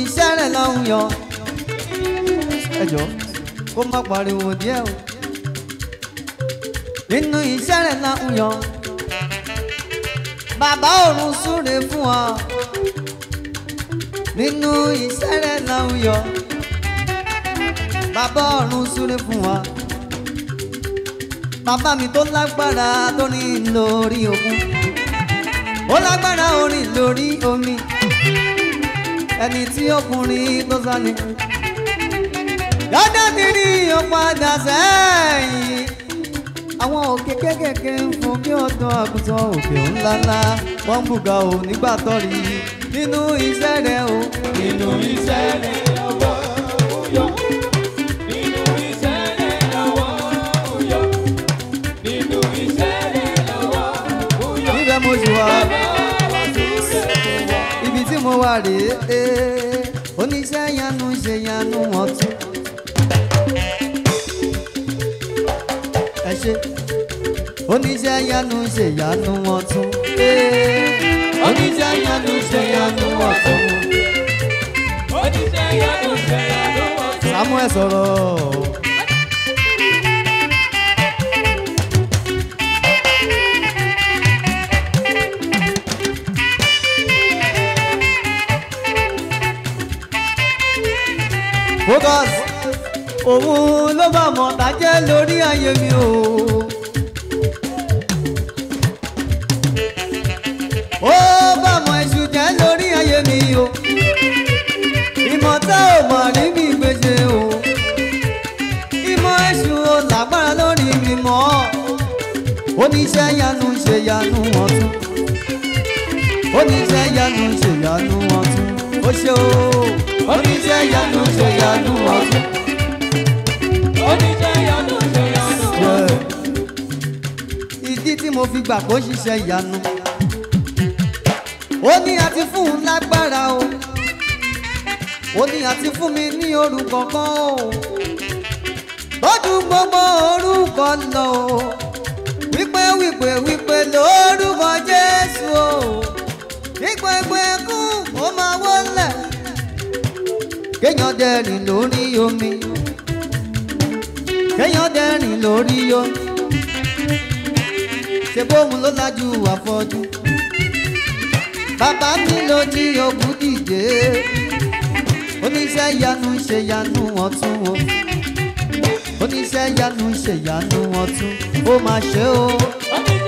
iṣẹ́ rẹ̀ lọ́hùn yọ. ẹ kó má pariwo díẹ̀ o. nínú iṣẹ́ lọ́hùn yọ. bàbá òrùn súre fún ọ. nínú iṣẹ́ lọ́hùn yọ. bàbá òrùn súre fún ọ. bàbá mi tó lágbára tó ní lórí òkun. ó lágbára orin ẹni tí ọkùnrin tó sọnù. lọ́dọ̀ ti rí ọ̀padà sẹ́yìn àwọn òkè kéékèèké ń fún kí ọ̀dọ́ àgùntàn òkè ńláńlá wọ́n ń bùgà ò nígbà tọ́rí nínú iṣẹ́ rẹ̀ o. nínú iṣẹ́ rẹ̀ ọwọ́ òyò. nínú iṣẹ́ rẹ̀ ọwọ́ òyò. nínú iṣẹ́ rẹ̀ ọwọ́ òyò. níbẹ̀ mo sì wà. bàbá wa sì rẹ̀ wọ̀ ibi tí mo wà rèé eh, oníṣẹ́ yanu ṣe yanu wọ́n tún. ẹ ṣe oníṣẹ́ yanu ṣe yanu wọ́n eh, tún. oníṣẹ́ yanu ṣe yanu wọ́n tún. oníṣẹ́ yanu ṣe yanu wọ́n tún. Samuel sọ̀rọ̀. focus òun ló bá mọ̀ dájẹ́ lórí ayé mi o. ó bá mọ̀ èṣù jẹ́ lórí ayé mi o. ìmọ̀ tá ò mọ̀ rí mi gbèsè o. ìmọ̀ èṣù ò lágbára lórí mi mọ́. oníṣẹ́ yanu ṣe yanu ọ̀tún. oníṣẹ́ yanu ṣe yanu ọ̀tún ó ṣe o oníṣẹ́ ìyanu ṣe ìyanu ọ̀sẹ̀. oníṣẹ́ ìyanu ṣe ìyanu ọ̀sẹ̀. ìdí tí mo fi gbà kó ṣiṣẹ́ ìyanu ó ní àti fún un lágbára o ó ní àti fún mi ní orúkọ kan o bọ́dún gbogbo orúkọ lọ o wípé wípé wípé. kéèyàn dẹ̀rìn lórí omi kéèyàn dẹ̀rìn lórí omi ṣe bóun ló lajú àfọ́jú bàbá mi ló ní Ògúndìje oníṣẹ́ yanu ṣe yanu ọ̀tún o oníṣẹ́ yanu ṣe yanu ọ̀tún ó máa ṣe o.